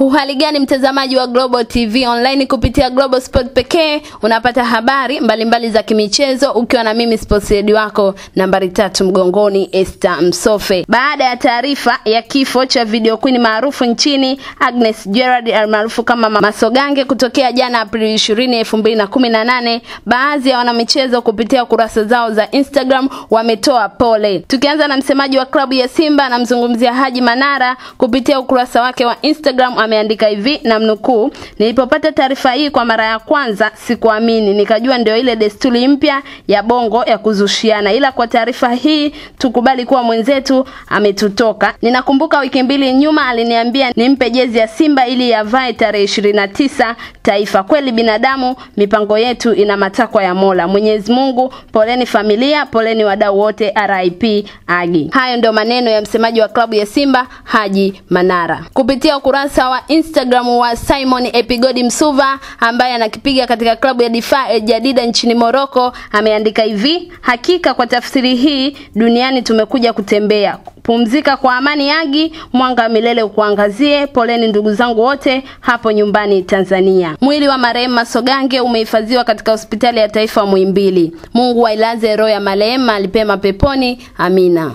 Uhali gani mtazamaji wa Global TV Online, kupitia Global Sport pekee unapata habari mbalimbali mbali za kimichezo, ukiwa na mimi sports head wako nambari tatu mgongoni Esther Msofe. Baada ya taarifa ya kifo cha video queen maarufu nchini Agnes Gerard almaarufu kama Masogange kutokea jana Aprili 20, 2018, baadhi ya wanamichezo kupitia kurasa zao za Instagram wametoa pole. Tukianza na msemaji wa klabu ya Simba, anamzungumzia Haji Manara kupitia ukurasa wake wa Instagram ameandika hivi, namnukuu: nilipopata taarifa hii kwa mara ya kwanza sikuamini, nikajua ndio ile desturi mpya ya Bongo ya kuzushiana, ila kwa taarifa hii tukubali kuwa mwenzetu ametutoka. Ninakumbuka wiki mbili nyuma aliniambia nimpe jezi ya Simba ili yavae tarehe ishirini na tisa Taifa. Kweli binadamu, mipango yetu ina matakwa ya Mola Mwenyezi Mungu. Poleni familia, poleni wadau wote. RIP Agi. Hayo ndio maneno ya msemaji wa klabu ya Simba Haji Manara kupitia ukurasa wa Instagram wa Simon Epigodi Msuva ambaye anakipiga katika klabu ya Difaa Jadida nchini Moroko ameandika hivi: hakika kwa tafsiri hii duniani tumekuja kutembea. Pumzika kwa amani, Yagi, mwanga milele ukuangazie. Poleni ndugu zangu wote hapo nyumbani Tanzania. Mwili wa marehemu Masogange umehifadhiwa katika hospitali ya taifa muimbili Mungu ailaze roho ya marehemu alipema peponi. Amina.